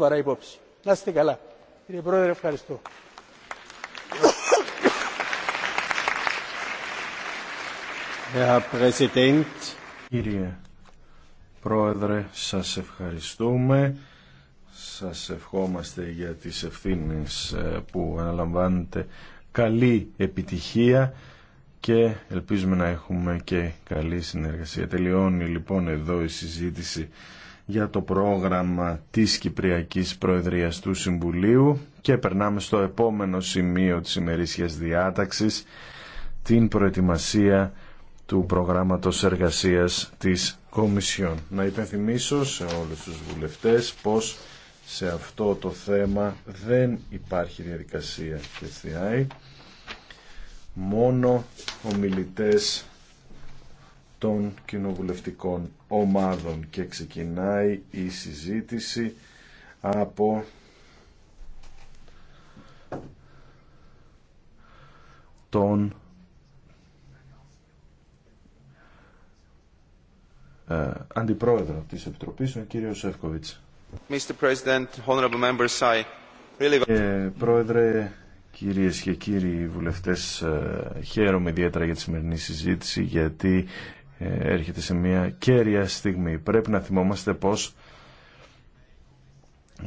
σοβαρά υπόψη. Να είστε καλά. Κύριε Πρόεδρε, ευχαριστώ. Κύριε Πρόεδρε, σας ευχαριστούμε. Σας ευχόμαστε για τις ευθύνες ε, που αναλαμβάνετε. Καλή επιτυχία και ελπίζουμε να έχουμε και καλή συνεργασία. Τελειώνει λοιπόν εδώ η συζήτηση για το πρόγραμμα της Κυπριακής Προεδρίας του Συμβουλίου και περνάμε στο επόμενο σημείο της ημερήσιας διάταξης την προετοιμασία του προγράμματος εργασίας της Κομισιόν. Να υπενθυμίσω σε όλους τους βουλευτές πως σε αυτό το θέμα δεν υπάρχει διαδικασία KCI. Μόνο ομιλητές των κοινοβουλευτικών ομάδων και ξεκινάει η συζήτηση από τον ε, Αντιπρόεδρο της Επιτροπής, τον κύριο Σεύκοβιτς. Really... Ε, πρόεδρε, κύριε και κύριοι βουλευτές, ε, χαίρομαι ιδιαίτερα για τη σημερινή συζήτηση γιατί έρχεται σε μια κέρια στιγμή. Πρέπει να θυμόμαστε πως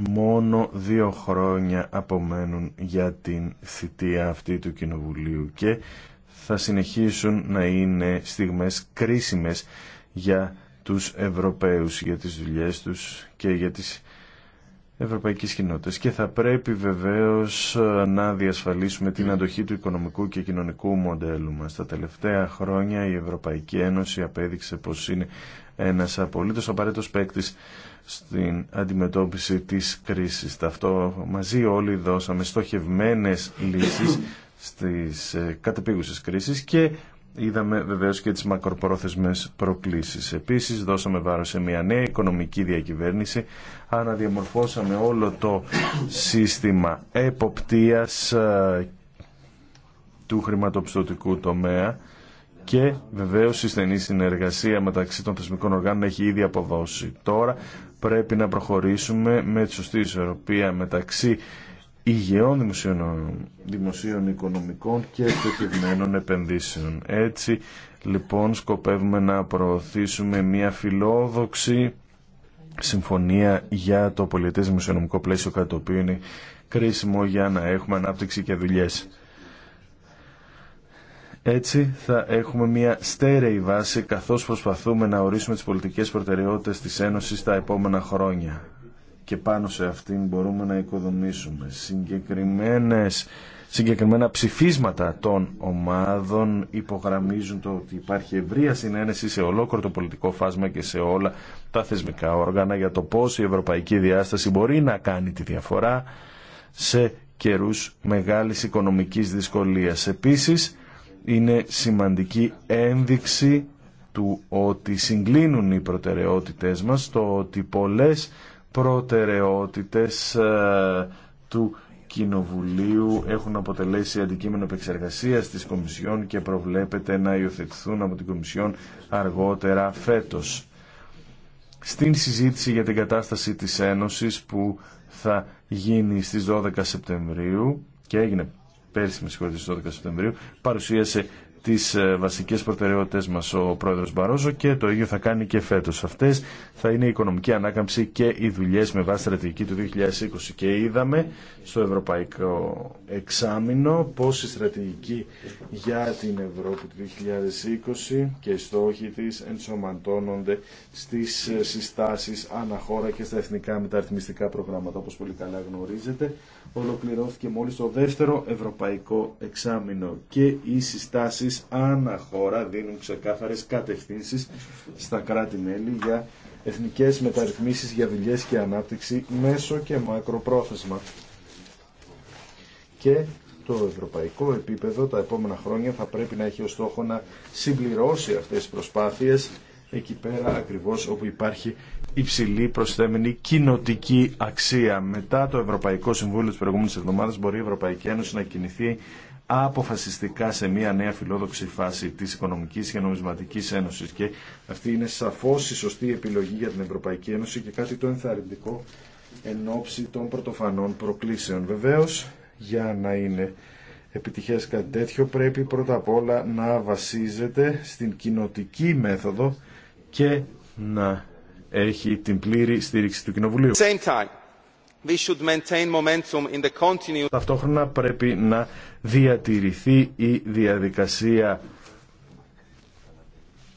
μόνο δύο χρόνια απομένουν για την θητεία αυτή του Κοινοβουλίου και θα συνεχίσουν να είναι στιγμές κρίσιμες για τους Ευρωπαίους, για τις δουλειές τους και για τις ευρωπαϊκής κοινότητας και θα πρέπει βεβαίως ε, να διασφαλίσουμε την αντοχή του οικονομικού και κοινωνικού μοντέλου μας. Τα τελευταία χρόνια η Ευρωπαϊκή Ένωση απέδειξε πως είναι ένας απολύτως απαραίτητος παίκτη στην αντιμετώπιση της κρίσης. Αυτό μαζί όλοι δώσαμε στοχευμένες λύσεις στις ε, κατεπίγουσες κρίσεις και είδαμε βεβαίως και τις μακροπρόθεσμες προκλήσεις. Επίσης δώσαμε βάρος σε μια νέα οικονομική διακυβέρνηση, αναδιαμορφώσαμε όλο το σύστημα εποπτείας ε, του χρηματοπιστωτικού τομέα και βεβαίως η στενή συνεργασία μεταξύ των θεσμικών οργάνων έχει ήδη αποδώσει. Τώρα πρέπει να προχωρήσουμε με τη σωστή ισορροπία μεταξύ υγιών δημοσίων, δημοσίων οικονομικών και επιτυχημένων επενδύσεων. Έτσι λοιπόν σκοπεύουμε να προωθήσουμε μια φιλόδοξη συμφωνία για το πολιτές δημοσιονομικό πλαίσιο κατά το κρίσιμο για να έχουμε ανάπτυξη και δουλειές. Έτσι θα έχουμε μια στέρεη βάση καθώς προσπαθούμε να ορίσουμε τις πολιτικές προτεραιότητες της Ένωσης τα επόμενα χρόνια και πάνω σε αυτήν μπορούμε να οικοδομήσουμε συγκεκριμένες Συγκεκριμένα ψηφίσματα των ομάδων υπογραμμίζουν το ότι υπάρχει ευρεία συνένεση σε ολόκληρο το πολιτικό φάσμα και σε όλα τα θεσμικά όργανα για το πώς η ευρωπαϊκή διάσταση μπορεί να κάνει τη διαφορά σε καιρούς μεγάλης οικονομικής δυσκολίας. Επίσης, είναι σημαντική ένδειξη του ότι συγκλίνουν οι προτεραιότητες μας, το ότι πολλές προτεραιότητες ε, του Κοινοβουλίου έχουν αποτελέσει αντικείμενο επεξεργασία της Κομισιόν και προβλέπεται να υιοθετηθούν από την Κομισιόν αργότερα φέτος. Στην συζήτηση για την κατάσταση της Ένωσης που θα γίνει στις 12 Σεπτεμβρίου και έγινε πέρσι με στις 12 Σεπτεμβρίου παρουσίασε τις ε, βασικές προτεραιότητες μας ο πρόεδρος Μπαρόζο και το ίδιο θα κάνει και φέτος. Αυτές θα είναι η οικονομική ανάκαμψη και οι δουλειές με βάση στρατηγική του 2020 και είδαμε στο ευρωπαϊκό εξάμεινο πως η στρατηγική για την Ευρώπη του 2020 και οι στόχοι της ενσωματώνονται στις ε, συστάσεις αναχώρα και στα εθνικά μεταρρυθμιστικά προγράμματα όπως πολύ καλά γνωρίζετε ολοκληρώθηκε μόλις το δεύτερο ευρωπαϊκό εξάμεινο και οι άνα χώρα δίνουν ξεκάθαρες κατευθύνσεις στα κράτη-μέλη για εθνικές μεταρρυθμίσεις για δουλειές και ανάπτυξη μέσω και μακροπρόθεσμα. Και το ευρωπαϊκό επίπεδο τα επόμενα χρόνια θα πρέπει να έχει ως στόχο να συμπληρώσει αυτές τις προσπάθειες εκεί πέρα ακριβώς όπου υπάρχει υψηλή προσθέμενη κοινοτική αξία. Μετά το Ευρωπαϊκό Συμβούλιο της προηγούμενης εβδομάδας μπορεί η Ευρωπαϊκή Ένωση να κινηθεί αποφασιστικά σε μια νέα φιλόδοξη φάση της Οικονομικής και Νομισματικής Ένωσης και αυτή είναι σαφώς η σωστή επιλογή για την Ευρωπαϊκή Ένωση και κάτι το ενθαρρυντικό εν ώψη των πρωτοφανών προκλήσεων. Βεβαίως, για να είναι επιτυχές κάτι τέτοιο πρέπει πρώτα απ' όλα να βασίζεται στην κοινοτική μέθοδο και να έχει την πλήρη στήριξη του Κοινοβουλίου. Same time. Ταυτόχρονα πρέπει να διατηρηθεί η διαδικασία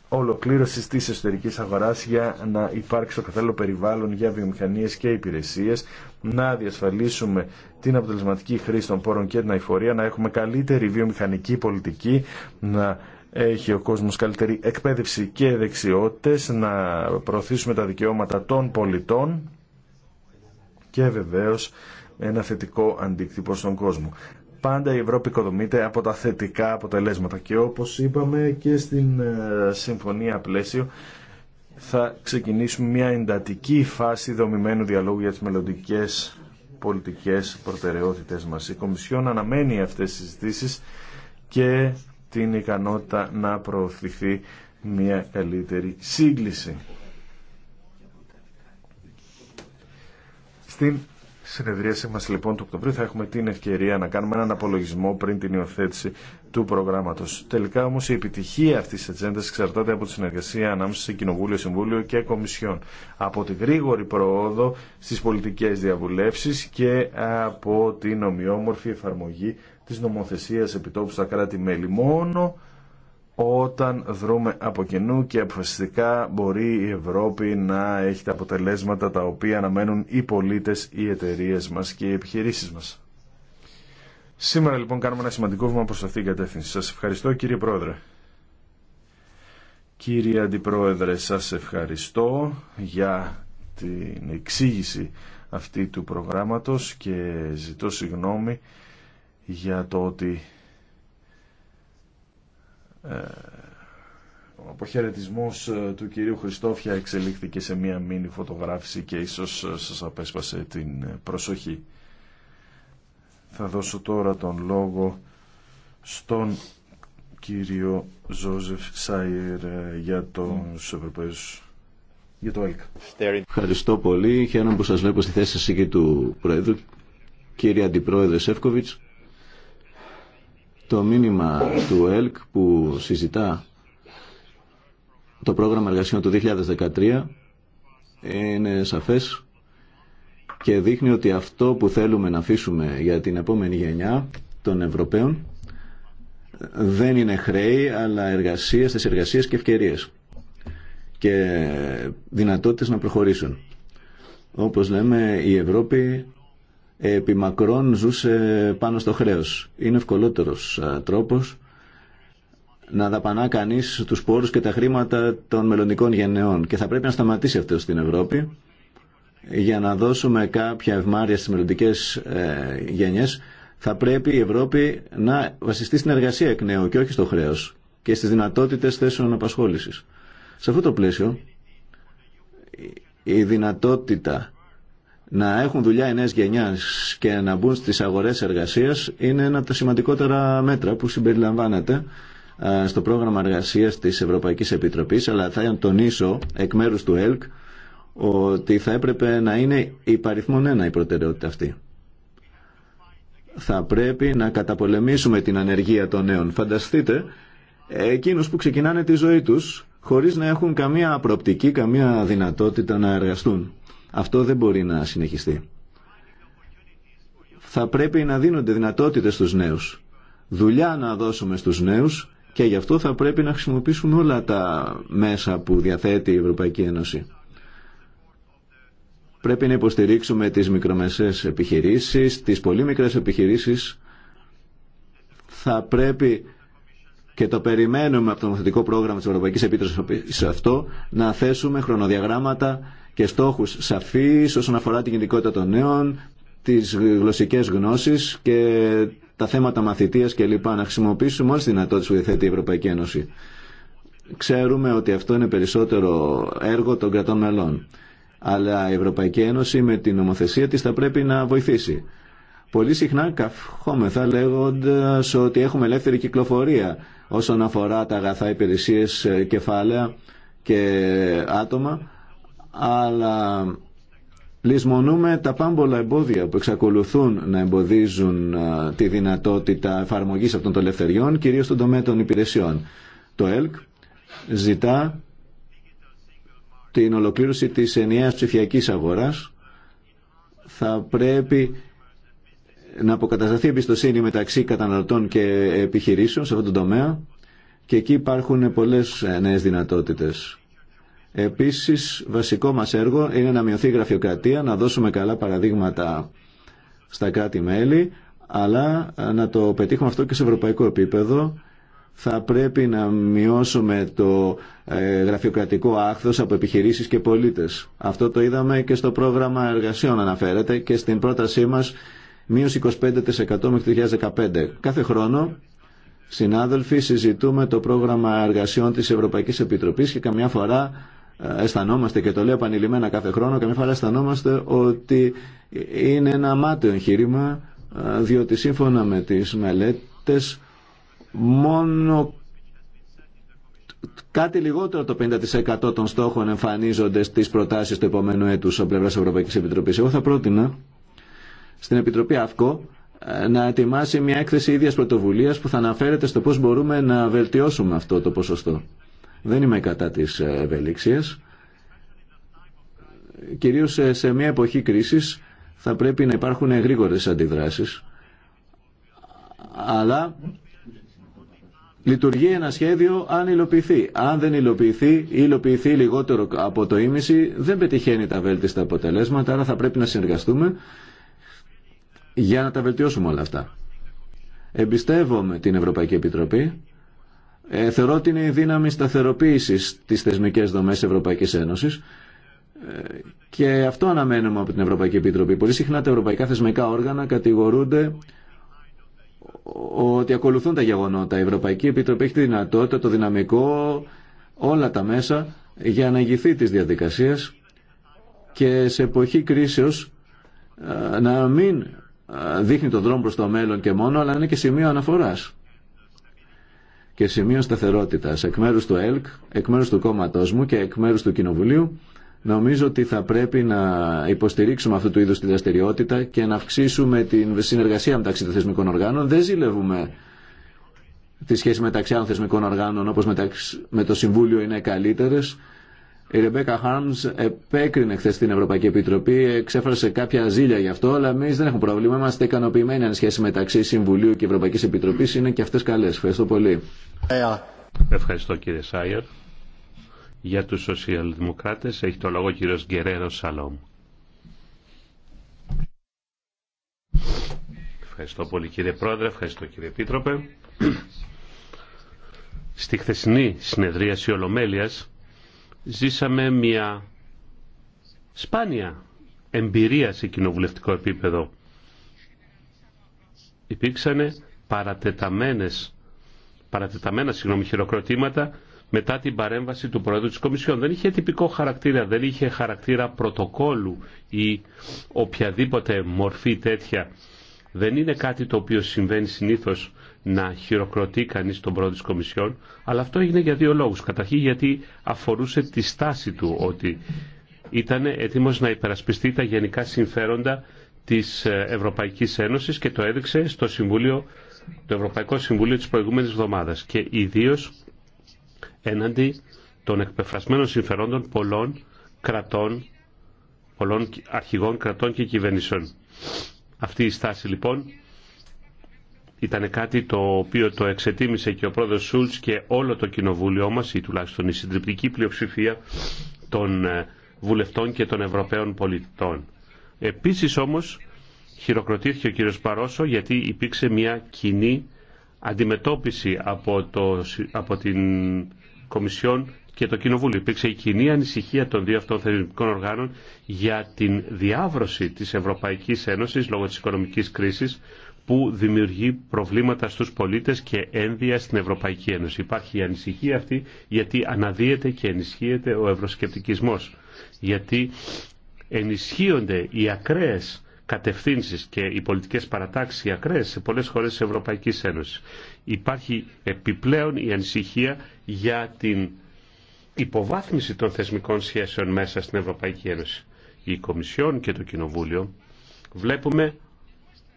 ολοκλήρωσης της εσωτερικής αγοράς για να υπάρξει το καθένα περιβάλλον για βιομηχανίες και υπηρεσίες, να διασφαλίσουμε την αποτελεσματική χρήση των πόρων και την αηφορία, να έχουμε καλύτερη βιομηχανική πολιτική, να έχει ο κόσμος καλύτερη εκπαίδευση και δεξιότητες, να προωθήσουμε τα δικαιώματα των πολιτών και βεβαίως ένα θετικό αντίκτυπο στον κόσμο. Πάντα η Ευρώπη οικοδομείται από τα θετικά αποτελέσματα και όπως είπαμε και στην ε, Συμφωνία Πλαίσιο θα ξεκινήσουμε μια εντατική φάση δομημένου διαλόγου για τις μελλοντικέ πολιτικές προτεραιότητες μας. Η Κομισιόν αναμένει αυτές τις συζητήσεις και την ικανότητα να προωθηθεί μια καλύτερη σύγκληση Στην συνεδρίαση μας λοιπόν του Οκτωβρίου θα έχουμε την ευκαιρία να κάνουμε έναν απολογισμό πριν την υιοθέτηση του προγράμματος. Τελικά όμως η επιτυχία αυτής της ατζέντας εξαρτάται από τη συνεργασία ανάμεσα σε Κοινοβούλιο, Συμβούλιο και Κομισιόν. Από τη γρήγορη προόδο στις πολιτικές διαβουλεύσεις και από την ομοιόμορφη εφαρμογή της νομοθεσίας επιτόπου στα κράτη-μέλη. Μόνο όταν δρούμε από κοινού και αποφασιστικά μπορεί η Ευρώπη να έχει τα αποτελέσματα τα οποία αναμένουν οι πολίτες, οι εταιρείε μας και οι επιχειρήσεις μας. Σήμερα λοιπόν κάνουμε ένα σημαντικό βήμα προς αυτήν την κατεύθυνση. Σας ευχαριστώ κύριε Πρόεδρε. Κύριε Αντιπρόεδρε, σας ευχαριστώ για την εξήγηση αυτή του προγράμματος και ζητώ συγγνώμη για το ότι ε, ο αποχαιρετισμός ε, του κυρίου Χριστόφια εξελίχθηκε σε μία μήνυ φωτογράφηση και ίσως ε, σας απέσπασε την προσοχή. Θα δώσω τώρα τον λόγο στον κύριο Ζωζεφ Σάιερ για τον για το ΕΛΚ. Ευχαριστώ πολύ. Χαίρομαι που σας βλέπω στη θέση και του Πρόεδρου. Κύριε Αντιπρόεδρε Σεύκοβιτς, το μήνυμα του ΕΛΚ που συζητά το πρόγραμμα εργασιών του 2013 είναι σαφές και δείχνει ότι αυτό που θέλουμε να αφήσουμε για την επόμενη γενιά των Ευρωπαίων δεν είναι χρέη αλλά εργασίες, τις εργασίες και ευκαιρίες και δυνατότητες να προχωρήσουν. Όπως λέμε η Ευρώπη επί μακρόν ζούσε πάνω στο χρέος. Είναι ευκολότερος τρόπος να δαπανά κανείς τους πόρους και τα χρήματα των μελλοντικών γενεών και θα πρέπει να σταματήσει αυτό στην Ευρώπη για να δώσουμε κάποια ευμάρεια στις μελλοντικέ ε, γενιές θα πρέπει η Ευρώπη να βασιστεί στην εργασία εκ νέου και όχι στο χρέος και στις δυνατότητες θέσεων απασχόλησης. Σε αυτό το πλαίσιο η δυνατότητα να έχουν δουλειά οι νέες γενιάς και να μπουν στις αγορές εργασίας είναι ένα από τα σημαντικότερα μέτρα που συμπεριλαμβάνεται ε, στο πρόγραμμα εργασίας της Ευρωπαϊκής Επιτροπής αλλά θα τονίσω εκ μέρους του ΕΛΚ ότι θα έπρεπε να είναι υπαριθμονένα ένα η προτεραιότητα αυτή. Θα πρέπει να καταπολεμήσουμε την ανεργία των νέων. Φανταστείτε εκείνους που ξεκινάνε τη ζωή τους χωρίς να έχουν καμία προοπτική, καμία δυνατότητα να εργαστούν. Αυτό δεν μπορεί να συνεχιστεί. Θα πρέπει να δίνονται δυνατότητες στους νέους. Δουλειά να δώσουμε στους νέους και γι' αυτό θα πρέπει να χρησιμοποιήσουμε όλα τα μέσα που διαθέτει η Ευρωπαϊκή Ένωση. Πρέπει να υποστηρίξουμε τις μικρομεσαίες επιχειρήσεις, τις πολύ μικρές επιχειρήσεις. Θα πρέπει και το περιμένουμε από το νομοθετικό πρόγραμμα της Ευρωπαϊκής Επιτροπής σε αυτό να θέσουμε χρονοδιαγράμματα και στόχους σαφείς όσον αφορά την κινητικότητα των νέων, τις γλωσσικές γνώσεις και τα θέματα μαθητείας κλπ. Να χρησιμοποιήσουμε όλες τις δυνατότητες που διαθέτει η Ευρωπαϊκή Ένωση. Ξέρουμε ότι αυτό είναι περισσότερο έργο των κρατών μελών. Αλλά η Ευρωπαϊκή Ένωση με την νομοθεσία της θα πρέπει να βοηθήσει. Πολύ συχνά καυχόμεθα λέγοντα ότι έχουμε ελεύθερη κυκλοφορία όσον αφορά τα αγαθά υπηρεσίες κεφάλαια και άτομα αλλά λησμονούμε τα πάμπολα εμπόδια που εξακολουθούν να εμποδίζουν ε, τη δυνατότητα εφαρμογής αυτών των ελευθεριών, κυρίως στον τομέα των υπηρεσιών. Το ΕΛΚ ζητά την ολοκλήρωση της ενιαίας ψηφιακής αγοράς. Θα πρέπει να αποκατασταθεί εμπιστοσύνη μεταξύ καταναλωτών και επιχειρήσεων σε αυτόν τον τομέα και εκεί υπάρχουν πολλές ε, νέες δυνατότητες. Επίσης, βασικό μας έργο είναι να μειωθεί η γραφειοκρατία, να δώσουμε καλά παραδείγματα στα κάτι μελη αλλά ε, να το πετύχουμε αυτό και σε ευρωπαϊκό επίπεδο. Θα πρέπει να μειώσουμε το ε, γραφειοκρατικό άχθος από επιχειρήσεις και πολίτες. Αυτό το είδαμε και στο πρόγραμμα εργασιών αναφέρεται και στην πρότασή μας μείωση 25% μέχρι το 2015. Κάθε χρόνο Συνάδελφοι, συζητούμε το πρόγραμμα εργασιών της Ευρωπαϊκής Επιτροπής και καμιά φορά αισθανόμαστε και το λέω επανειλημμένα κάθε χρόνο καμιά φορά αισθανόμαστε ότι είναι ένα μάταιο εγχείρημα διότι σύμφωνα με τις μελέτες μόνο κάτι λιγότερο το 50% των στόχων εμφανίζονται στις προτάσεις του επόμενου έτους από πλευράς Ευρωπαϊκής Επιτροπής. Εγώ θα πρότεινα στην Επιτροπή ΑΦΚΟ να ετοιμάσει μια έκθεση ίδιας πρωτοβουλίας που θα αναφέρεται στο πώς μπορούμε να βελτιώσουμε αυτό το ποσοστό. Δεν είμαι κατά της ευελίξιας. Κυρίως σε μια εποχή κρίσης θα πρέπει να υπάρχουν γρήγορες αντιδράσεις. Αλλά λειτουργεί ένα σχέδιο αν υλοποιηθεί. Αν δεν υλοποιηθεί ή υλοποιηθεί λιγότερο από το ίμιση, δεν πετυχαίνει τα βέλτιστα αποτελέσματα, άρα θα πρέπει να συνεργαστούμε για να τα βελτιώσουμε όλα αυτά. Εμπιστεύομαι την Ευρωπαϊκή Επιτροπή ε, θεωρώ ότι είναι η δύναμη σταθεροποίηση τη θεσμικέ δομέ Ευρωπαϊκή Ένωση ε, και αυτό αναμένουμε από την Ευρωπαϊκή Επιτροπή. Πολύ συχνά τα ευρωπαϊκά θεσμικά όργανα κατηγορούνται ότι ακολουθούν τα γεγονότα. Η Ευρωπαϊκή Επιτροπή έχει τη δυνατότητα, το δυναμικό, όλα τα μέσα για να ηγηθεί τη διαδικασία και σε εποχή κρίσεω ε, να μην ε, δείχνει τον δρόμο προ το μέλλον και μόνο, αλλά είναι και σημείο αναφορά και σημείο σταθερότητα εκ μέρου του ΕΛΚ, εκ μέρου του κόμματό μου και εκ μέρου του Κοινοβουλίου. Νομίζω ότι θα πρέπει να υποστηρίξουμε αυτού του είδου τη δραστηριότητα και να αυξήσουμε τη συνεργασία μεταξύ των θεσμικών οργάνων. Δεν ζηλεύουμε τη σχέση μεταξύ άλλων θεσμικών οργάνων, όπω με το Συμβούλιο είναι καλύτερε. Η Ρεμπέκα Χάρμ επέκρινε χθε την Ευρωπαϊκή Επιτροπή, εξέφρασε κάποια ζήλια γι' αυτό, αλλά εμεί δεν έχουμε πρόβλημα. Είμαστε ικανοποιημένοι αν σχέση μεταξύ Συμβουλίου και Ευρωπαϊκή Επιτροπή είναι και αυτέ καλέ. Ευχαριστώ πολύ. Ευχαριστώ κύριε Σάιερ. Για του Σοσιαλδημοκράτε. έχει το λόγο ο κύριος Γκερέρο Σαλόμ. Ευχαριστώ πολύ κύριε Πρόεδρε, ευχαριστώ κύριε Επίτροπε. Στη χθεσινή συνεδρίαση ολομέλεια ζήσαμε μια σπάνια εμπειρία σε κοινοβουλευτικό επίπεδο. Υπήρξαν παρατεταμένες, παρατεταμένα συγγνώμη, χειροκροτήματα μετά την παρέμβαση του Πρόεδρου της Κομισιόν. Δεν είχε τυπικό χαρακτήρα, δεν είχε χαρακτήρα πρωτοκόλου ή οποιαδήποτε μορφή τέτοια. Δεν είναι κάτι το οποίο συμβαίνει συνήθως να χειροκροτεί κανείς τον πρόεδρο της Κομισιόν, αλλά αυτό έγινε για δύο λόγους. Καταρχήν γιατί αφορούσε τη στάση του ότι ήταν έτοιμος να υπερασπιστεί τα γενικά συμφέροντα της ε, Ευρωπαϊκής Ένωσης και το έδειξε στο Συμβούλιο, το Ευρωπαϊκό Συμβούλιο της προηγούμενης εβδομάδας και ιδίω έναντι των εκπεφρασμένων συμφερόντων πολλών κρατών, πολλών αρχηγών κρατών και κυβερνήσεων. Αυτή η στάση λοιπόν ήταν κάτι το οποίο το εξετίμησε και ο πρόεδρος Σούλτς και όλο το κοινοβούλιο μας ή τουλάχιστον η συντριπτική πλειοψηφία των ε, βουλευτών και των Ευρωπαίων πολιτών. Επίσης όμως χειροκροτήθηκε ο κύριος Παρόσο γιατί υπήρξε μια κοινή αντιμετώπιση από, το, από την Κομισιόν και το Κοινοβούλιο. Υπήρξε η κοινή ανησυχία των δύο αυτών θεσμικών οργάνων για την διάβρωση της Ευρωπαϊκής Ένωσης λόγω της οικονομικής κρίσης που δημιουργεί προβλήματα στους πολίτες και ένδια στην Ευρωπαϊκή Ένωση. Υπάρχει η ανησυχία αυτή γιατί αναδύεται και ενισχύεται ο ευρωσκεπτικισμός. Γιατί ενισχύονται οι ακραίες κατευθύνσεις και οι πολιτικές παρατάξεις οι σε πολλές χώρες της Ευρωπαϊκής Ένωσης. Υπάρχει επιπλέον η ανησυχία για την υποβάθμιση των θεσμικών σχέσεων μέσα στην Ευρωπαϊκή Ένωση. Η Κομισιόν και το Κοινοβούλιο βλέπουμε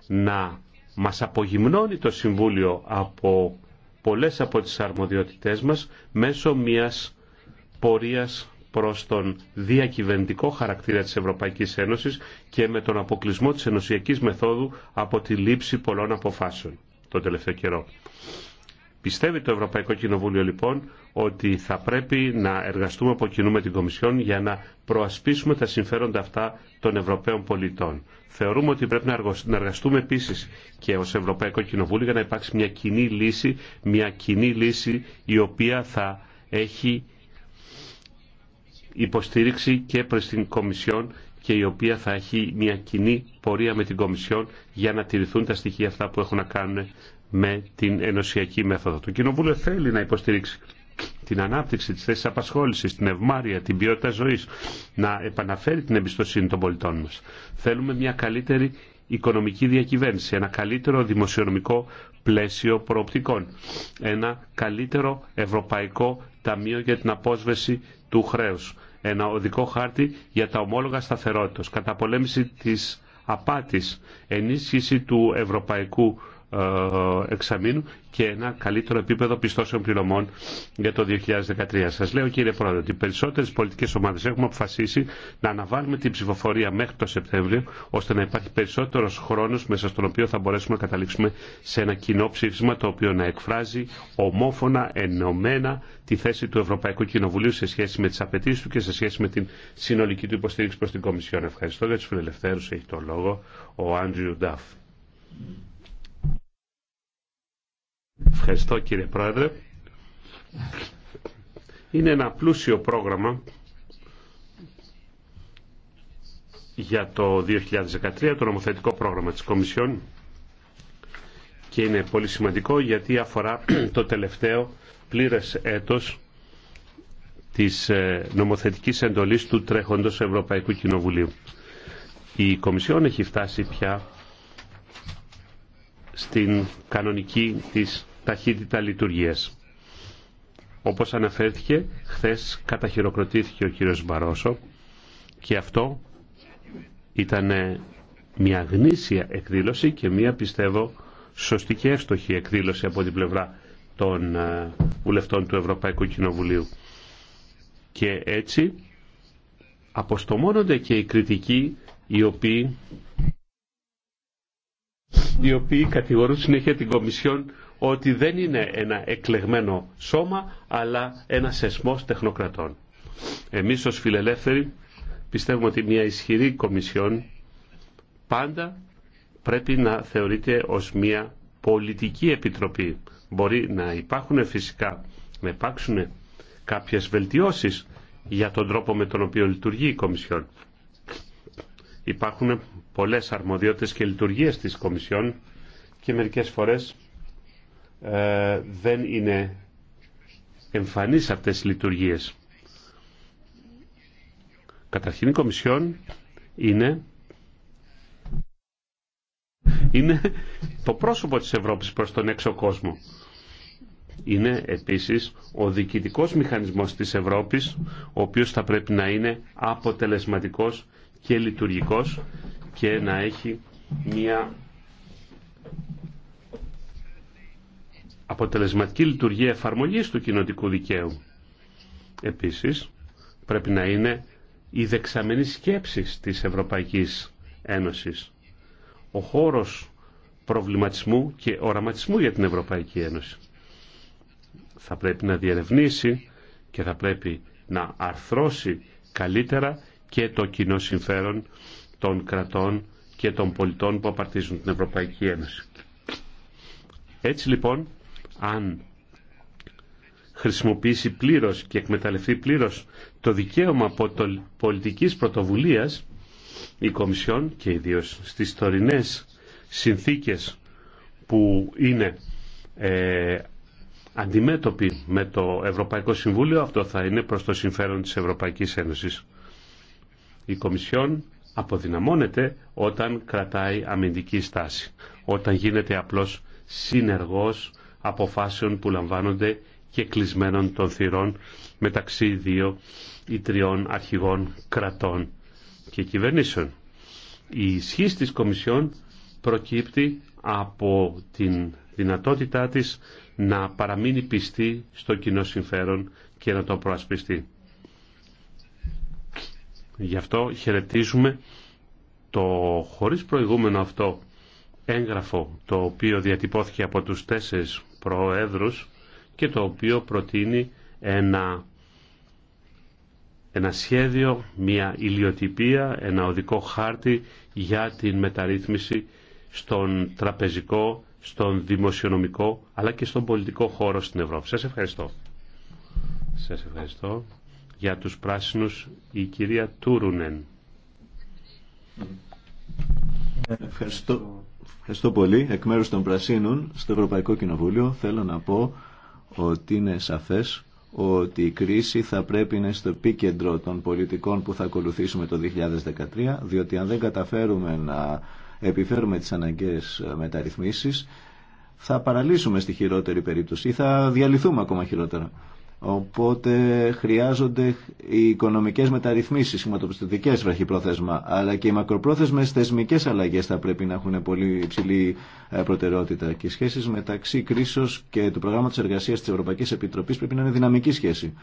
να μας απογυμνώνει το Συμβούλιο από πολλές από τις αρμοδιότητές μας μέσω μιας πορείας προς τον διακυβερνητικό χαρακτήρα της Ευρωπαϊκής Ένωσης και με τον αποκλεισμό της ενωσιακής μεθόδου από τη λήψη πολλών αποφάσεων τον τελευταίο καιρό. Πιστεύει το Ευρωπαϊκό Κοινοβούλιο λοιπόν ότι θα πρέπει να εργαστούμε από κοινού με την Κομισιόν για να προασπίσουμε τα συμφέροντα αυτά των Ευρωπαίων πολιτών. Θεωρούμε ότι πρέπει να εργαστούμε επίσης και ως Ευρωπαϊκό Κοινοβούλιο για να υπάρξει μια κοινή λύση, μια κοινή λύση η οποία θα έχει υποστήριξη και προς την Κομισιόν και η οποία θα έχει μια κοινή πορεία με την Κομισιόν για να τηρηθούν τα στοιχεία αυτά που έχουν να κάνουν με την ενωσιακή μέθοδο. Το Κοινοβούλιο θέλει να υποστηρίξει την ανάπτυξη της θέσης απασχόλησης, την ευμάρεια, την ποιότητα ζωής, να επαναφέρει την εμπιστοσύνη των πολιτών μας. Θέλουμε μια καλύτερη οικονομική διακυβέρνηση, ένα καλύτερο δημοσιονομικό πλαίσιο προοπτικών, ένα καλύτερο ευρωπαϊκό ταμείο για την απόσβεση του χρέους, ένα οδικό χάρτη για τα ομόλογα σταθερότητας, καταπολέμηση της απάτης, ενίσχυση του ευρωπαϊκού ε, εξαμήνου και ένα καλύτερο επίπεδο πιστώσεων πληρωμών για το 2013. Σας λέω κύριε Πρόεδρε ότι οι περισσότερες πολιτικές ομάδες έχουμε αποφασίσει να αναβάλουμε την ψηφοφορία μέχρι το Σεπτέμβριο ώστε να υπάρχει περισσότερος χρόνος μέσα στον οποίο θα μπορέσουμε να καταλήξουμε σε ένα κοινό ψήφισμα το οποίο να εκφράζει ομόφωνα, ενωμένα τη θέση του Ευρωπαϊκού Κοινοβουλίου σε σχέση με τις απαιτήσει του και σε σχέση με την συνολική του υποστήριξη προς την Κομισιόν. Ευχαριστώ για τους φιλελευθέρους. Έχει το λόγο ο Άντριου Ντάφ. Ευχαριστώ κύριε Πρόεδρε. Είναι ένα πλούσιο πρόγραμμα για το 2013, το νομοθετικό πρόγραμμα της Κομισιόν και είναι πολύ σημαντικό γιατί αφορά το τελευταίο πλήρες έτος της ε, νομοθετικής εντολής του τρέχοντος Ευρωπαϊκού Κοινοβουλίου. Η Κομισιόν έχει φτάσει πια στην κανονική της ταχύτητα λειτουργίας. Όπως αναφέρθηκε, χθες καταχειροκροτήθηκε ο κύριος Μπαρόσο και αυτό ήταν μια γνήσια εκδήλωση και μια πιστεύω σωστή και εύστοχη εκδήλωση από την πλευρά των ε, βουλευτών του Ευρωπαϊκού Κοινοβουλίου. Και έτσι αποστομώνονται και οι κριτικοί οι οποίοι οι οποίοι κατηγορούν συνέχεια την Κομισιόν ότι δεν είναι ένα εκλεγμένο σώμα, αλλά ένα σεσμός τεχνοκρατών. Εμείς ως φιλελεύθεροι πιστεύουμε ότι μια ισχυρή Κομισιόν πάντα πρέπει να θεωρείται ως μια πολιτική επιτροπή. Μπορεί να υπάρχουν φυσικά, να υπάρξουν κάποιες βελτιώσεις για τον τρόπο με τον οποίο λειτουργεί η Κομισιόν υπάρχουν πολλές αρμοδιότητες και λειτουργίες της Κομισιόν και μερικές φορές ε, δεν είναι εμφανείς αυτές οι λειτουργίες. Καταρχήν η Κομισιόν είναι, είναι το πρόσωπο της Ευρώπης προς τον έξω κόσμο. Είναι επίσης ο διοικητικός μηχανισμός της Ευρώπης, ο οποίος θα πρέπει να είναι αποτελεσματικός και λειτουργικός και να έχει μια αποτελεσματική λειτουργία εφαρμογής του κοινοτικού δικαίου. Επίσης, πρέπει να είναι η δεξαμενή σκέψη της Ευρωπαϊκής Ένωσης. Ο χώρος προβληματισμού και οραματισμού για την Ευρωπαϊκή Ένωση. Θα πρέπει να διερευνήσει και θα πρέπει να αρθρώσει καλύτερα και το κοινό συμφέρον των κρατών και των πολιτών που απαρτίζουν την Ευρωπαϊκή Ένωση. Έτσι λοιπόν, αν χρησιμοποιήσει πλήρως και εκμεταλλευτεί πλήρως το δικαίωμα πολιτικής πρωτοβουλίας η Κομισιόν και ιδίως στις τωρινές συνθήκες που είναι ε, αντιμέτωποι με το Ευρωπαϊκό Συμβούλιο αυτό θα είναι προς το συμφέρον της Ευρωπαϊκής Ένωσης η Κομισιόν αποδυναμώνεται όταν κρατάει αμυντική στάση, όταν γίνεται απλώς συνεργός αποφάσεων που λαμβάνονται και κλεισμένων των θυρών μεταξύ δύο ή τριών αρχηγών κρατών και κυβερνήσεων. Η ισχύ της Κομισιόν προκύπτει από την δυνατότητά της να παραμείνει πιστή στο κοινό συμφέρον και να το προασπιστεί. Γι' αυτό χαιρετίζουμε το χωρίς προηγούμενο αυτό έγγραφο το οποίο διατυπώθηκε από τους τέσσερις προέδρους και το οποίο προτείνει ένα, ένα σχέδιο, μια ηλιοτυπία, ένα οδικό χάρτη για την μεταρρύθμιση στον τραπεζικό, στον δημοσιονομικό αλλά και στον πολιτικό χώρο στην Ευρώπη. Σας ευχαριστώ. Σας ευχαριστώ. Για τους πράσινους η κυρία Τούρουνεν. Ευχαριστώ. Ευχαριστώ πολύ. Εκ μέρους των Πρασίνων στο Ευρωπαϊκό Κοινοβούλιο θέλω να πω ότι είναι σαφές ότι η κρίση θα πρέπει να είναι στο επίκεντρο των πολιτικών που θα ακολουθήσουμε το 2013, διότι αν δεν καταφέρουμε να επιφέρουμε τις αναγκαίες μεταρρυθμίσεις, θα παραλύσουμε στη χειρότερη περίπτωση ή θα διαλυθούμε ακόμα χειρότερα. Οπότε χρειάζονται οι οικονομικές μεταρρυθμίσεις, σηματοπιστωτικές βραχυπρόθεσμα, αλλά και οι μακροπρόθεσμες θεσμικές αλλαγές θα πρέπει να έχουν πολύ υψηλή ε, προτεραιότητα. Και οι σχέσεις μεταξύ κρίσεως και του προγράμματος εργασίας της Ευρωπαϊκής Επιτροπής πρέπει να είναι δυναμική σχέση.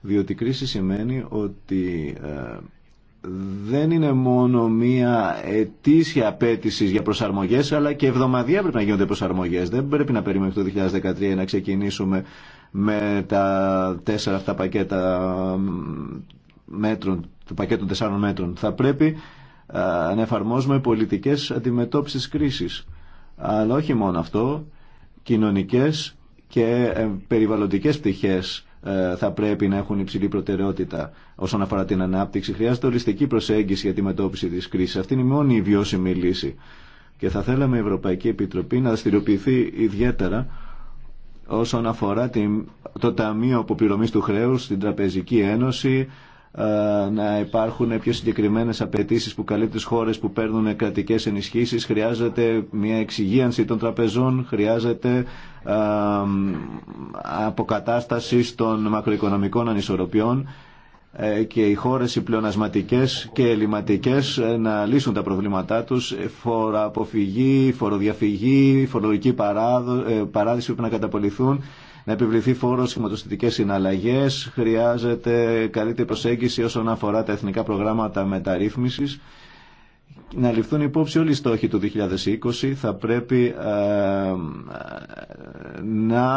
Διότι κρίση σημαίνει ότι ε, δεν είναι μόνο μία ετήσια απέτηση για προσαρμογέ, αλλά και εβδομαδία πρέπει να γίνονται προσαρμογέ. Δεν πρέπει να περιμένουμε το 2013 να ξεκινήσουμε με τα τέσσερα αυτά πακέτα μέτρων, το πακέτο τεσσάρων μέτρων. Θα πρέπει να εφαρμόζουμε πολιτικές αντιμετώπισης κρίσης. Αλλά όχι μόνο αυτό, κοινωνικές και ε, περιβαλλοντικές πτυχές ε, θα πρέπει να έχουν υψηλή προτεραιότητα όσον αφορά την ανάπτυξη. Χρειάζεται οριστική προσέγγιση για τη μετώπιση της κρίσης. Αυτή είναι η μόνη βιώσιμη λύση. Και θα θέλαμε η Ευρωπαϊκή Επιτροπή να δραστηριοποιηθεί ιδιαίτερα όσον αφορά το Ταμείο Αποπληρωμής του Χρέους στην Τραπεζική Ένωση ε, να υπάρχουν πιο συγκεκριμένες απαιτήσεις που καλύπτουν τις χώρες που παίρνουν κρατικές ενισχύσεις χρειάζεται μια εξυγίανση των τραπεζών χρειάζεται ε, αποκατάσταση των μακροοικονομικών ανισορροπιών ε, και οι χώρες οι πλεονασματικές και ελληματικές ε, να λύσουν τα προβλήματά τους ε, φοροαποφυγή, φοροδιαφυγή, φορολογική παράδειση που να καταποληθούν να επιβληθεί φόρο σχηματοστητικές συναλλαγές χρειάζεται καλύτερη προσέγγιση όσον αφορά τα εθνικά προγράμματα μεταρρύθμισης να ληφθούν υπόψη όλοι οι στόχοι του 2020 θα πρέπει να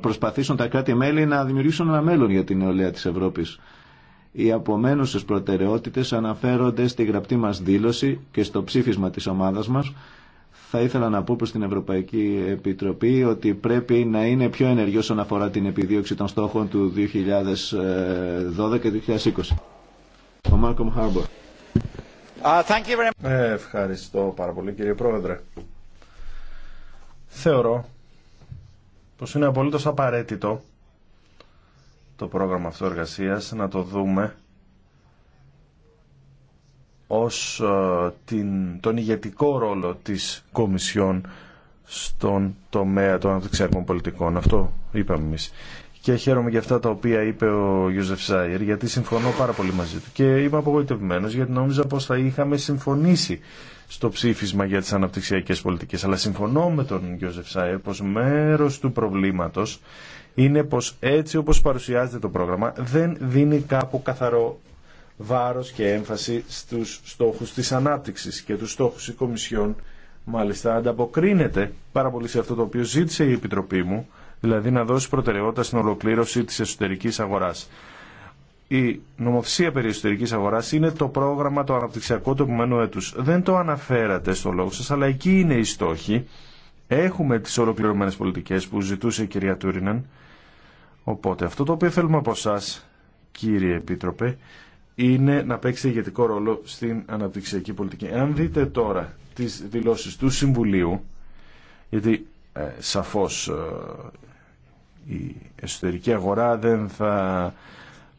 προσπαθήσουν τα κράτη-μέλη να δημιουργήσουν ένα μέλλον για την νεολαία της Ευρώπης. Οι απομένουσες προτεραιότητες αναφέρονται στη γραπτή μας δήλωση και στο ψήφισμα της ομάδας μας. Θα ήθελα να πω προς την Ευρωπαϊκή Επιτροπή ότι πρέπει να είναι πιο ενεργή όσον αφορά την επιδίωξη των στόχων του 2012 και 2020. Ο Μάρκομ Χάρμπορ. Uh, ε, ευχαριστώ πάρα πολύ κύριε Πρόεδρε. Θεωρώ πως είναι απολύτως απαραίτητο το πρόγραμμα αυτό να το δούμε ως ε, την, τον ηγετικό ρόλο της Κομισιόν στον τομέα των αναπτυξιακών πολιτικών. Αυτό είπαμε εμείς και χαίρομαι για αυτά τα οποία είπε ο Ιωζεφ Σάιερ γιατί συμφωνώ πάρα πολύ μαζί του και είμαι απογοητευμένο, γιατί νόμιζα πω θα είχαμε συμφωνήσει στο ψήφισμα για τι αναπτυξιακέ πολιτικέ. αλλά συμφωνώ με τον Ιωζεφ Σάιερ πω μέρο του προβλήματο είναι πω έτσι όπω παρουσιάζεται το πρόγραμμα δεν δίνει κάπου καθαρό βάρος και έμφαση στους στόχους της ανάπτυξης και τους στόχους της Κομισιόν μάλιστα ανταποκρίνεται πάρα πολύ σε αυτό το οποίο ζήτησε η Επιτροπή μου δηλαδή να δώσει προτεραιότητα στην ολοκλήρωση της εσωτερικής αγοράς. Η νομοθεσία περί εσωτερικής αγοράς είναι το πρόγραμμα το αναπτυξιακό του επομένου έτου. Δεν το αναφέρατε στο λόγο σα, αλλά εκεί είναι οι στόχοι. Έχουμε τι ολοκληρωμένε πολιτικέ που ζητούσε η κυρία Τούριναν. Οπότε αυτό το οποίο θέλουμε από εσά, κύριε Επίτροπε, είναι να παίξει ηγετικό ρόλο στην αναπτυξιακή πολιτική. Αν δείτε τώρα τι δηλώσει του Συμβουλίου, γιατί ε, ε η εσωτερική αγορά δεν θα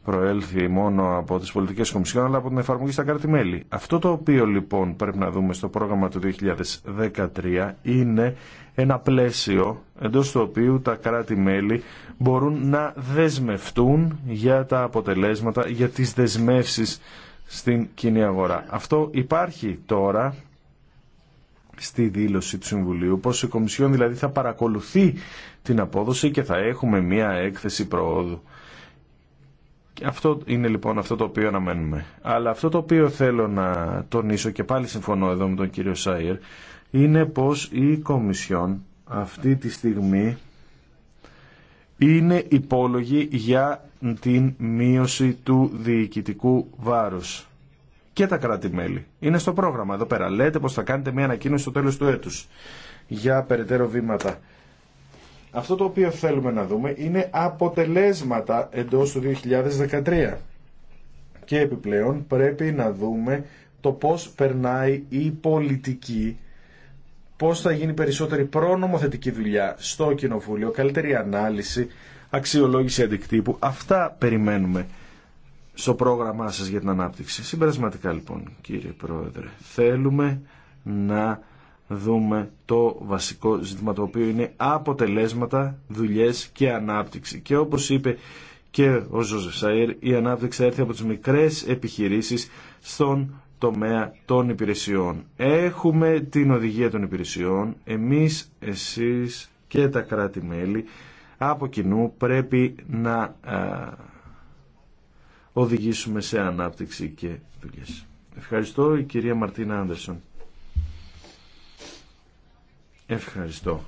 προέλθει μόνο από τις πολιτικές κομισιόν αλλά από την εφαρμογή στα κράτη-μέλη. Αυτό το οποίο λοιπόν πρέπει να δούμε στο πρόγραμμα του 2013 είναι ένα πλαίσιο εντός του οποίου τα κράτη-μέλη μπορούν να δεσμευτούν για τα αποτελέσματα, για τις δεσμεύσεις στην κοινή αγορά. Αυτό υπάρχει τώρα στη δήλωση του Συμβουλίου, πως η Κομισιόν δηλαδή θα παρακολουθεί την απόδοση και θα έχουμε μία έκθεση προόδου. Αυτό είναι λοιπόν αυτό το οποίο αναμένουμε. Αλλά αυτό το οποίο θέλω να τονίσω και πάλι συμφωνώ εδώ με τον κύριο Σάιερ είναι πως η Κομισιόν αυτή τη στιγμή είναι υπόλογη για την μείωση του διοικητικού βάρους και τα κράτη-μέλη. Είναι στο πρόγραμμα εδώ πέρα. Λέτε πως θα κάνετε μια ανακοίνωση στο τέλος του έτους για περαιτέρω βήματα. Αυτό το οποίο θέλουμε να δούμε είναι αποτελέσματα εντός του 2013. Και επιπλέον πρέπει να δούμε το πώς περνάει η πολιτική, πώς θα γίνει περισσότερη προνομοθετική δουλειά στο Κοινοβούλιο, καλύτερη ανάλυση, αξιολόγηση αντικτύπου. Αυτά περιμένουμε στο πρόγραμμά σας για την ανάπτυξη. Συμπερασματικά λοιπόν κύριε Πρόεδρε, θέλουμε να δούμε το βασικό ζήτημα το οποίο είναι αποτελέσματα, δουλειές και ανάπτυξη. Και όπως είπε και ο Ζωζεφ Σαΐρ, η ανάπτυξη έρθει από τις μικρές επιχειρήσεις στον τομέα των υπηρεσιών. Έχουμε την οδηγία των υπηρεσιών, εμείς, εσείς και τα κράτη-μέλη από κοινού πρέπει να οδηγήσουμε σε ανάπτυξη και δουλειές. Ευχαριστώ η κυρία Μαρτίνα Άντερσον. Ευχαριστώ.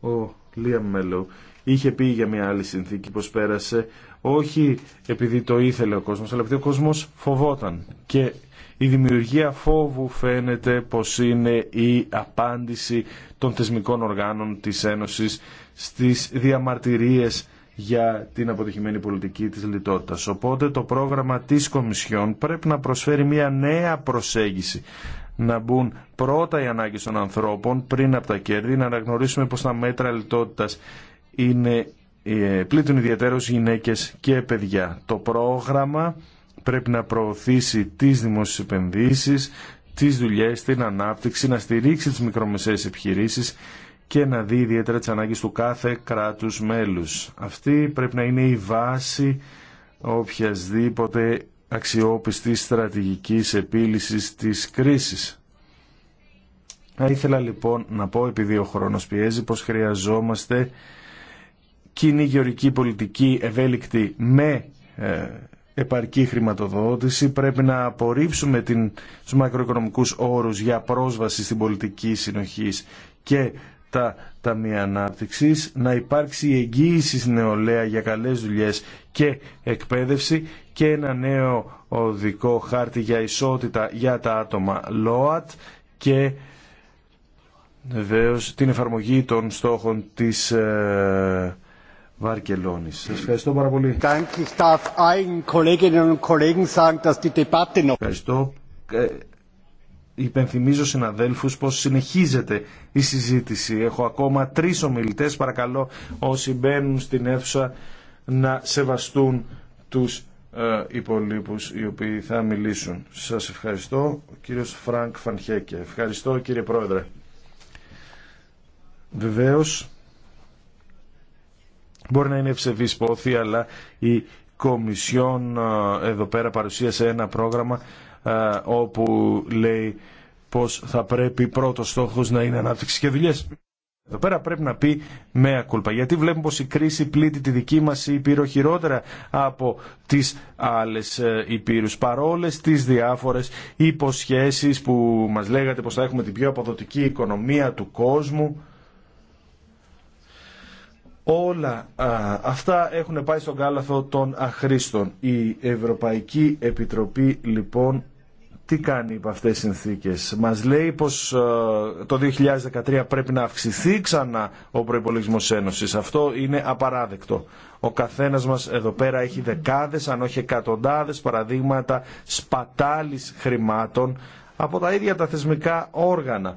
Ο Λία Μέλλο είχε πει για μια άλλη συνθήκη πως πέρασε όχι επειδή το ήθελε ο κόσμος αλλά επειδή ο κόσμος φοβόταν και η δημιουργία φόβου φαίνεται πως είναι η απάντηση των θεσμικών οργάνων της Ένωσης στις διαμαρτυρίες για την αποτυχημένη πολιτική της λιτότητας. Οπότε το πρόγραμμα της Κομισιόν πρέπει να προσφέρει μια νέα προσέγγιση να μπουν πρώτα οι ανάγκες των ανθρώπων πριν από τα κέρδη, να αναγνωρίσουμε πως τα μέτρα λιτότητας είναι, ε, πλήττουν ιδιαίτερως γυναίκες και παιδιά. Το πρόγραμμα πρέπει να προωθήσει τις δημόσιες επενδύσεις, τις δουλειές, την ανάπτυξη, να στηρίξει τις μικρομεσαίες επιχειρήσεις και να δει ιδιαίτερα τι ανάγκε του κάθε κράτου μέλους. Αυτή πρέπει να είναι η βάση οποιασδήποτε αξιόπιστη στρατηγική επίλυση της κρίσης. Θα ήθελα λοιπόν να πω, επειδή ο χρόνο πιέζει, πως χρειαζόμαστε κοινή γεωρική πολιτική ευέλικτη με ε, επαρκή χρηματοδότηση. Πρέπει να απορρίψουμε την, μακροοικονομικού όρου για πρόσβαση στην πολιτική συνοχή και τα Ταμεία ανάπτυξη, να υπάρξει εγγύηση νεολαία για καλές δουλειέ και εκπαίδευση και ένα νέο οδικό χάρτη για ισότητα για τα άτομα ΛΟΑΤ και βεβαίω την εφαρμογή των στόχων της ε, Βαρκελόνης. Σας ευχαριστώ πάρα πολύ υπενθυμίζω συναδέλφου πω συνεχίζεται η συζήτηση. Έχω ακόμα τρει ομιλητέ. παρακαλώ όσοι μπαίνουν στην αίθουσα να σεβαστούν τους ε, υπολείπους οι οποίοι θα μιλήσουν. Σα ευχαριστώ, κύριο Φρανκ Φανχέκε. Ευχαριστώ κύριε Πρόεδρε. Βεβαίω. μπορεί να είναι ευσεβή πόθη, αλλά η Κομισιόν ε, εδώ πέρα παρουσίασε ένα πρόγραμμα ε, όπου λέει πως θα πρέπει πρώτος στόχος να είναι ανάπτυξη και δουλειές. Εδώ πέρα πρέπει να πει με κούλπα. Γιατί βλέπουμε πως η κρίση πλήττει τη δική μας ήπειρο χειρότερα από τις άλλες ε, υπήρους. Παρόλες τις διάφορες υποσχέσεις που μας λέγατε πως θα έχουμε την πιο αποδοτική οικονομία του κόσμου. Όλα αυτά έχουν πάει στον κάλαθο των αχρήστων. Η Ευρωπαϊκή Επιτροπή λοιπόν τι κάνει υπό αυτές τις συνθήκες. Μας λέει πως ε, το 2013 πρέπει να αυξηθεί ξανά ο προϋπολογισμός Ένωσης. Αυτό είναι απαράδεκτο. Ο καθένας μας εδώ πέρα έχει δεκάδες αν όχι εκατοντάδες παραδείγματα σπατάλης χρημάτων από τα ίδια τα θεσμικά όργανα.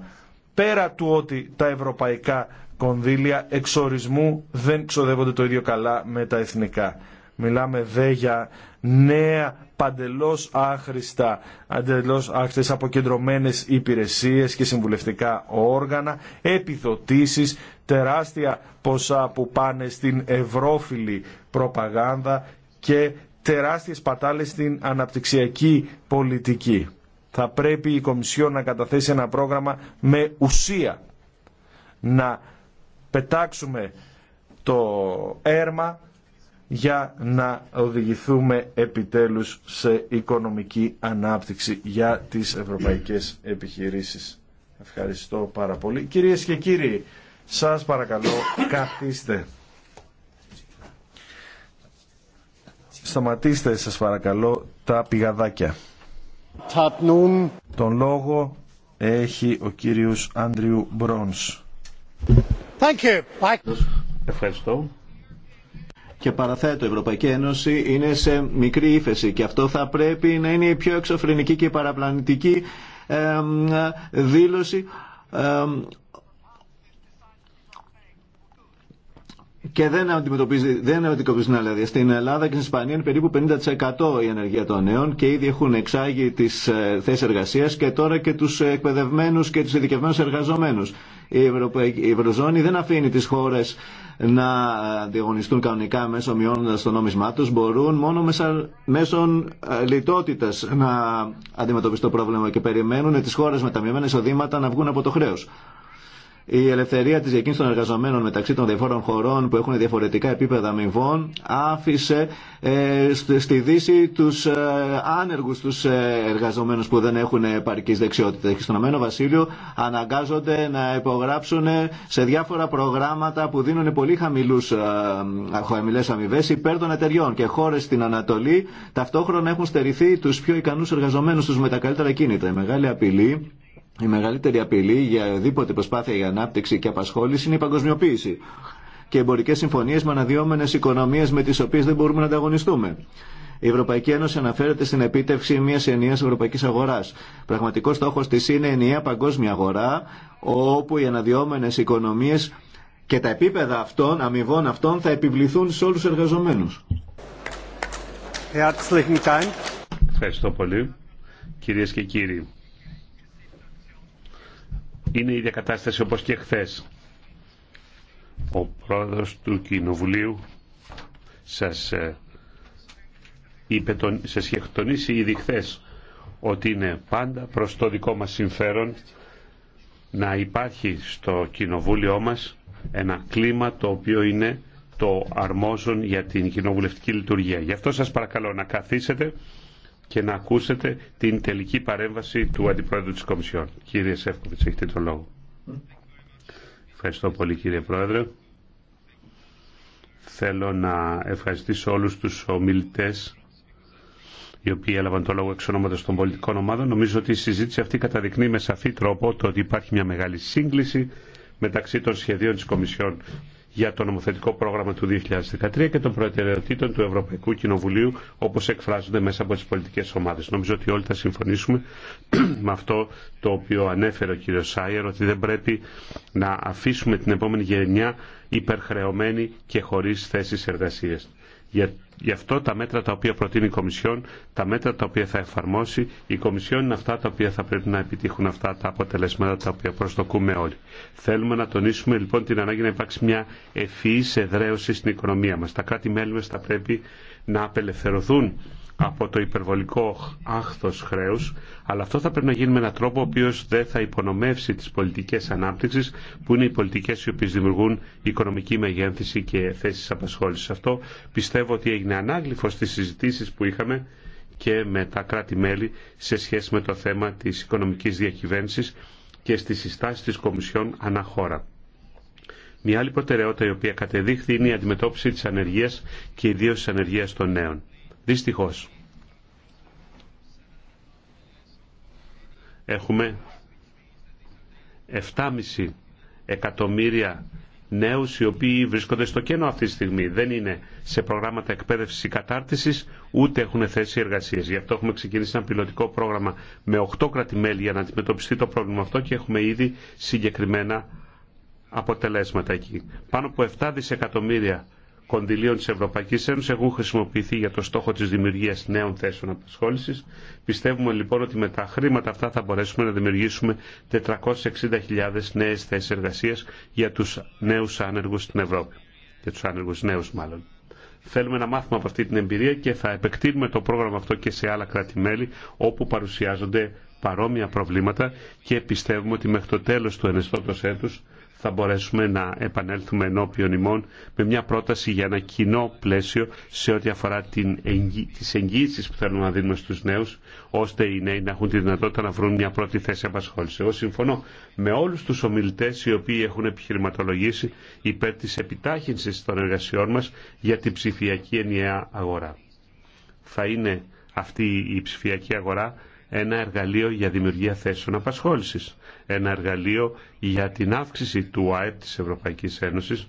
Πέρα του ότι τα ευρωπαϊκά κονδύλια εξορισμού δεν ξοδεύονται το ίδιο καλά με τα εθνικά. Μιλάμε δε για νέα παντελώς άχρηστα, παντελώς άχρηστες αποκεντρωμένες υπηρεσίες και συμβουλευτικά όργανα, επιδοτήσεις, τεράστια ποσά που πάνε στην ευρώφιλη προπαγάνδα και τεράστιες πατάλες στην αναπτυξιακή πολιτική. Θα πρέπει η Κομισιόν να καταθέσει ένα πρόγραμμα με ουσία να πετάξουμε το έρμα για να οδηγηθούμε επιτέλους σε οικονομική ανάπτυξη για τις ευρωπαϊκές επιχειρήσεις. Ευχαριστώ πάρα πολύ. Κυρίες και κύριοι, σας παρακαλώ καθίστε. Σταματήστε σας παρακαλώ τα πηγαδάκια. Τον λόγο έχει ο κύριος Άντριου Μπρόνς. Ευχαριστώ. Και παραθέτω, η Ευρωπαϊκή Ένωση είναι σε μικρή ύφεση και αυτό θα πρέπει να είναι η πιο εξωφρενική και παραπλανητική δήλωση και δεν αντιμετωπίζει, δεν αντιμετωπίζει την δηλαδή. Στην Ελλάδα και στην Ισπανία είναι περίπου 50% η ανεργία των νέων και ήδη έχουν εξάγει τι ε, θέσει εργασία και τώρα και του εκπαιδευμένου και του ειδικευμένου εργαζομένου. Η, Ευρωζώνη δεν αφήνει τι χώρε να αντιγωνιστούν κανονικά μέσω μειώνοντα το νόμισμά του. Μπορούν μόνο μέσω ε, λιτότητα να αντιμετωπίσουν το πρόβλημα και περιμένουν τι χώρε με τα μειωμένα εισοδήματα να βγουν από το χρέο. Η ελευθερία τη διακίνηση των εργαζομένων μεταξύ των διαφόρων χωρών που έχουν διαφορετικά επίπεδα αμοιβών άφησε ε, στη Δύση του ε, άνεργου του ε, εργαζομένου που δεν έχουν επαρκή δεξιότητα. Και στον Αμένο Βασίλειο αναγκάζονται να υπογράψουν σε διάφορα προγράμματα που δίνουν πολύ χαμηλέ αμοιβέ υπέρ των εταιριών. Και χώρε στην Ανατολή ταυτόχρονα έχουν στερηθεί του πιο ικανού εργαζομένου του με τα καλύτερα κίνητρα. Η μεγάλη απειλή η μεγαλύτερη απειλή για οδήποτε προσπάθεια για ανάπτυξη και απασχόληση είναι η παγκοσμιοποίηση και εμπορικέ συμφωνίε με αναδυόμενε οικονομίε με τι οποίε δεν μπορούμε να ανταγωνιστούμε. Η Ευρωπαϊκή Ένωση αναφέρεται στην επίτευξη μια ενιαία ευρωπαϊκή αγορά. Πραγματικό στόχο τη είναι ενιαία παγκόσμια αγορά, όπου οι αναδυόμενε οικονομίε και τα επίπεδα αυτών, αμοιβών αυτών, θα επιβληθούν σε όλου του εργαζομένου. Ευχαριστώ πολύ. κυρίε και κύριοι, είναι η ίδια κατάσταση όπως και χθε. Ο πρόεδρος του Κοινοβουλίου σας ε, είπε, τον, είχε ήδη χθε ότι είναι πάντα προς το δικό μας συμφέρον να υπάρχει στο κοινοβούλιο μας ένα κλίμα το οποίο είναι το αρμόζον για την κοινοβουλευτική λειτουργία. Γι' αυτό σας παρακαλώ να καθίσετε και να ακούσετε την τελική παρέμβαση του Αντιπρόεδρου της Κομισιόν. Κύριε Σεύκοβιτς, έχετε τον λόγο. Ευχαριστώ πολύ κύριε Πρόεδρε. Θέλω να ευχαριστήσω όλους τους ομιλητές οι οποίοι έλαβαν το λόγο εξ ονόματος των πολιτικών ομάδων. Νομίζω ότι η συζήτηση αυτή καταδεικνύει με σαφή τρόπο το ότι υπάρχει μια μεγάλη σύγκληση μεταξύ των σχεδίων της Κομισιόν για το νομοθετικό πρόγραμμα του 2013 και των προτεραιοτήτων του Ευρωπαϊκού Κοινοβουλίου όπως εκφράζονται μέσα από τις πολιτικές ομάδες. Νομίζω ότι όλοι θα συμφωνήσουμε με αυτό το οποίο ανέφερε ο κ. Σάιερ ότι δεν πρέπει να αφήσουμε την επόμενη γενιά υπερχρεωμένη και χωρίς θέσεις εργασίας. Για Γι' αυτό τα μέτρα τα οποία προτείνει η Κομισιόν, τα μέτρα τα οποία θα εφαρμόσει η Κομισιόν είναι αυτά τα οποία θα πρέπει να επιτύχουν αυτά τα αποτελέσματα τα οποία προσδοκούμε όλοι. Θέλουμε να τονίσουμε λοιπόν την ανάγκη να υπάρξει μια ευφυή εδραίωση στην οικονομία μα. Τα κράτη-μέλη μα θα πρέπει να απελευθερωθούν από το υπερβολικό άχθος χρέους, αλλά αυτό θα πρέπει να γίνει με έναν τρόπο ο οποίος δεν θα υπονομεύσει τις πολιτικές ανάπτυξη, που είναι οι πολιτικές οι οποίες δημιουργούν οικονομική μεγένθηση και θέσεις απασχόλησης. Αυτό πιστεύω ότι έγινε είναι ανάγλυφο στις συζητήσεις που είχαμε και με τα κράτη-μέλη σε σχέση με το θέμα της οικονομικής διακυβέρνησης και στις συστάσεις της Κομισιόν αναχώρα. Μια άλλη προτεραιότητα η οποία κατεδείχθη είναι η αντιμετώπιση της ανεργίας και ιδίω της ανεργίας των νέων. Δυστυχώς. Έχουμε 7,5 εκατομμύρια νέους οι οποίοι βρίσκονται στο κενό αυτή τη στιγμή. Δεν είναι σε προγράμματα εκπαίδευσης ή κατάρτισης, ούτε έχουν θέση εργασίες. Γι' αυτό έχουμε ξεκινήσει ένα πιλωτικό πρόγραμμα με 8 κράτη-μέλη για να αντιμετωπιστεί το πρόβλημα αυτό και έχουμε ήδη συγκεκριμένα αποτελέσματα εκεί. Πάνω από 7 δισεκατομμύρια Κοντιλίων τη Ευρωπαϊκή Ένωση έχουν χρησιμοποιηθεί για το στόχο τη δημιουργία νέων θέσεων απασχόληση. Πιστεύουμε λοιπόν ότι με τα χρήματα αυτά θα μπορέσουμε να δημιουργήσουμε 460.000 νέε θέσει εργασία για του νέου άνεργου στην Ευρώπη. Για του άνεργου νέου μάλλον. Θέλουμε να μάθουμε από αυτή την εμπειρία και θα επεκτείνουμε το πρόγραμμα αυτό και σε άλλα κράτη-μέλη όπου παρουσιάζονται παρόμοια προβλήματα και πιστεύουμε ότι μέχρι το τέλος του ενεστώτος έτους θα μπορέσουμε να επανέλθουμε ενώπιον ημών με μια πρόταση για ένα κοινό πλαίσιο σε ό,τι αφορά την εγγύ... τις που θέλουμε να δίνουμε στους νέους ώστε οι νέοι να έχουν τη δυνατότητα να βρουν μια πρώτη θέση απασχόληση. Εγώ συμφωνώ με όλους τους ομιλητές οι οποίοι έχουν επιχειρηματολογήσει υπέρ της επιτάχυνσης των εργασιών μας για την ψηφιακή ενιαία αγορά. Θα είναι αυτή η ψηφιακή αγορά ένα εργαλείο για δημιουργία θέσεων απασχόλησης, ένα εργαλείο για την αύξηση του ΑΕΠ της Ευρωπαϊκής Ένωσης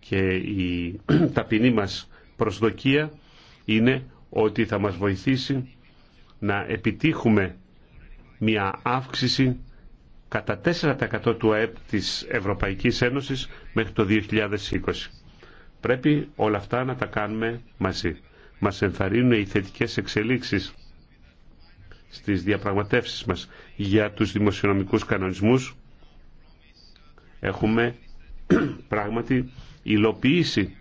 και η ταπεινή μας προσδοκία είναι ότι θα μας βοηθήσει να επιτύχουμε μια αύξηση κατά 4% του ΑΕΠ της Ευρωπαϊκής Ένωσης μέχρι το 2020. Πρέπει όλα αυτά να τα κάνουμε μαζί. Μας ενθαρρύνουν οι θετικές εξελίξεις στις διαπραγματεύσεις μας για τους δημοσιονομικούς κανονισμούς έχουμε πράγματι υλοποιήσει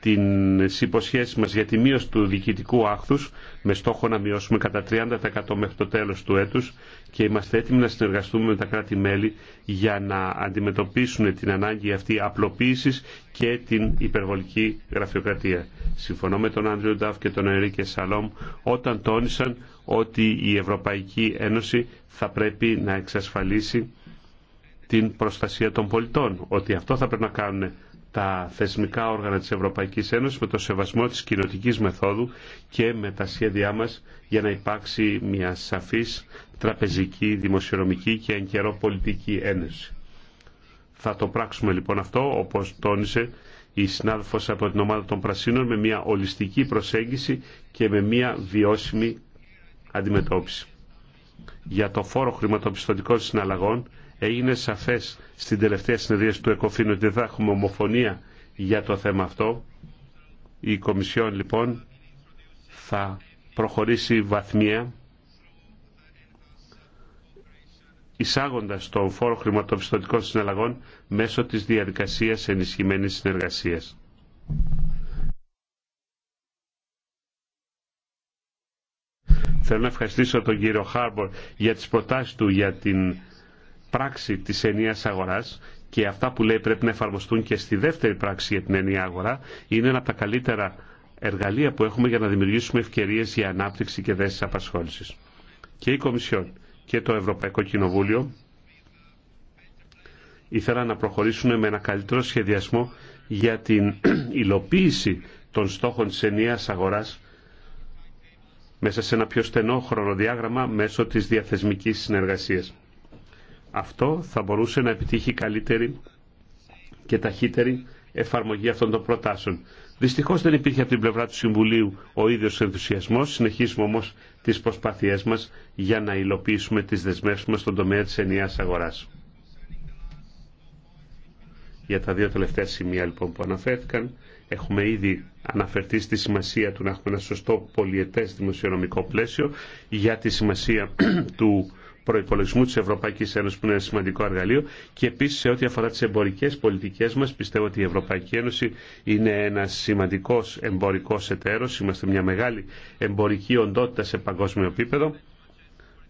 την υποσχέσεις μας για τη μείωση του διοικητικού άχθους με στόχο να μειώσουμε κατά 30% μέχρι το τέλος του έτους και είμαστε έτοιμοι να συνεργαστούμε με τα κράτη-μέλη για να αντιμετωπίσουν την ανάγκη αυτή απλοποίησης και την υπερβολική γραφειοκρατία. Συμφωνώ με τον Άντριο Νταφ και τον Ερήκε Σαλόμ όταν τόνισαν ότι η Ευρωπαϊκή Ένωση θα πρέπει να εξασφαλίσει την προστασία των πολιτών. Ότι αυτό θα πρέπει να κάνουν τα θεσμικά όργανα της Ευρωπαϊκής Ένωσης με το σεβασμό της κοινοτικής μεθόδου και με τα σχέδιά μας για να υπάρξει μια σαφής τραπεζική, δημοσιονομική και εν καιρό πολιτική ένωση. Θα το πράξουμε λοιπόν αυτό όπως τόνισε η συνάδελφος από την ομάδα των Πρασίνων με μια ολιστική προσέγγιση και με μια βιώσιμη αντιμετώπιση. Για το φόρο χρηματοπιστωτικών συναλλαγών έγινε σαφές στην τελευταία συνεδρία του ΕΚΟΦΗΝ ότι δεν θα έχουμε ομοφωνία για το θέμα αυτό. Η Κομισιόν λοιπόν θα προχωρήσει βαθμία εισάγοντας τον φόρο χρηματοπιστωτικών συναλλαγών μέσω της διαδικασίας ενισχυμένης συνεργασίας. Θέλω να ευχαριστήσω τον κύριο Χάρμπορ για τις προτάσεις του για την πράξη της ενίας αγοράς και αυτά που λέει πρέπει να εφαρμοστούν και στη δεύτερη πράξη για την ενία αγορά είναι ένα από τα καλύτερα εργαλεία που έχουμε για να δημιουργήσουμε ευκαιρίες για ανάπτυξη και δέσεις απασχόλησης. Και η Κομισιόν και το Ευρωπαϊκό Κοινοβούλιο ήθελαν να προχωρήσουν με ένα καλύτερο σχεδιασμό για την υλοποίηση των στόχων της ενιαίας αγοράς μέσα σε ένα πιο στενό χρονοδιάγραμμα μέσω της διαθεσμικής συνεργασίας. Αυτό θα μπορούσε να επιτύχει καλύτερη και ταχύτερη εφαρμογή αυτών των προτάσεων. Δυστυχώς δεν υπήρχε από την πλευρά του Συμβουλίου ο ίδιος ενθουσιασμός. Συνεχίζουμε όμως τις προσπάθειές μας για να υλοποιήσουμε τις δεσμεύσεις μας στον τομέα της ενιαίας αγοράς. Για τα δύο τελευταία σημεία λοιπόν που αναφέρθηκαν, Έχουμε ήδη αναφερθεί στη σημασία του να έχουμε ένα σωστό πολιετές δημοσιονομικό πλαίσιο για τη σημασία του προπολογισμού της Ευρωπαϊκής Ένωσης που είναι ένα σημαντικό εργαλείο και επίσης σε ό,τι αφορά τις εμπορικές πολιτικές μας. πιστεύω ότι η Ευρωπαϊκή Ένωση είναι ένα σημαντικό εμπορικό εταίρος. Είμαστε μια μεγάλη εμπορική οντότητα σε παγκόσμιο επίπεδο.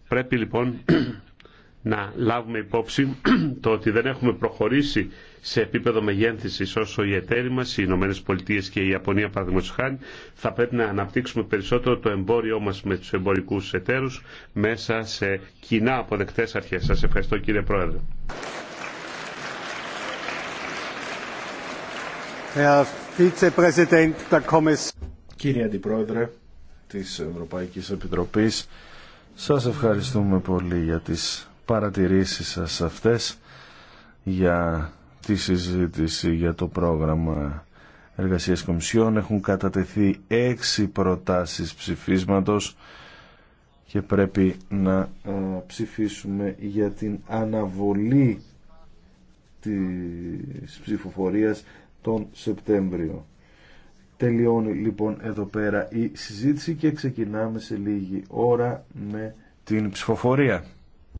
Πρέπει λοιπόν να λάβουμε υπόψη το ότι δεν έχουμε προχωρήσει σε επίπεδο μεγένθησης όσο οι εταίροι μα, οι Ηνωμένε Πολιτείες και η Ιαπωνία παραδείγματος χάρη, θα πρέπει να αναπτύξουμε περισσότερο το εμπόριό μας με τους εμπορικούς εταίρους μέσα σε κοινά αποδεκτέ αρχέ. Σα ευχαριστώ κύριε Πρόεδρε. Κύριε Αντιπρόεδρε της Ευρωπαϊκής Επιτροπής, σας ευχαριστούμε πολύ για τις παρατηρήσεις σας αυτές για τη συζήτηση για το πρόγραμμα εργασίας κομισιών. Έχουν κατατεθεί έξι προτάσεις ψηφίσματος και πρέπει να ε, ψηφίσουμε για την αναβολή της ψηφοφορίας τον Σεπτέμβριο. Τελειώνει λοιπόν εδώ πέρα η συζήτηση και ξεκινάμε σε λίγη ώρα με την ψηφοφορία.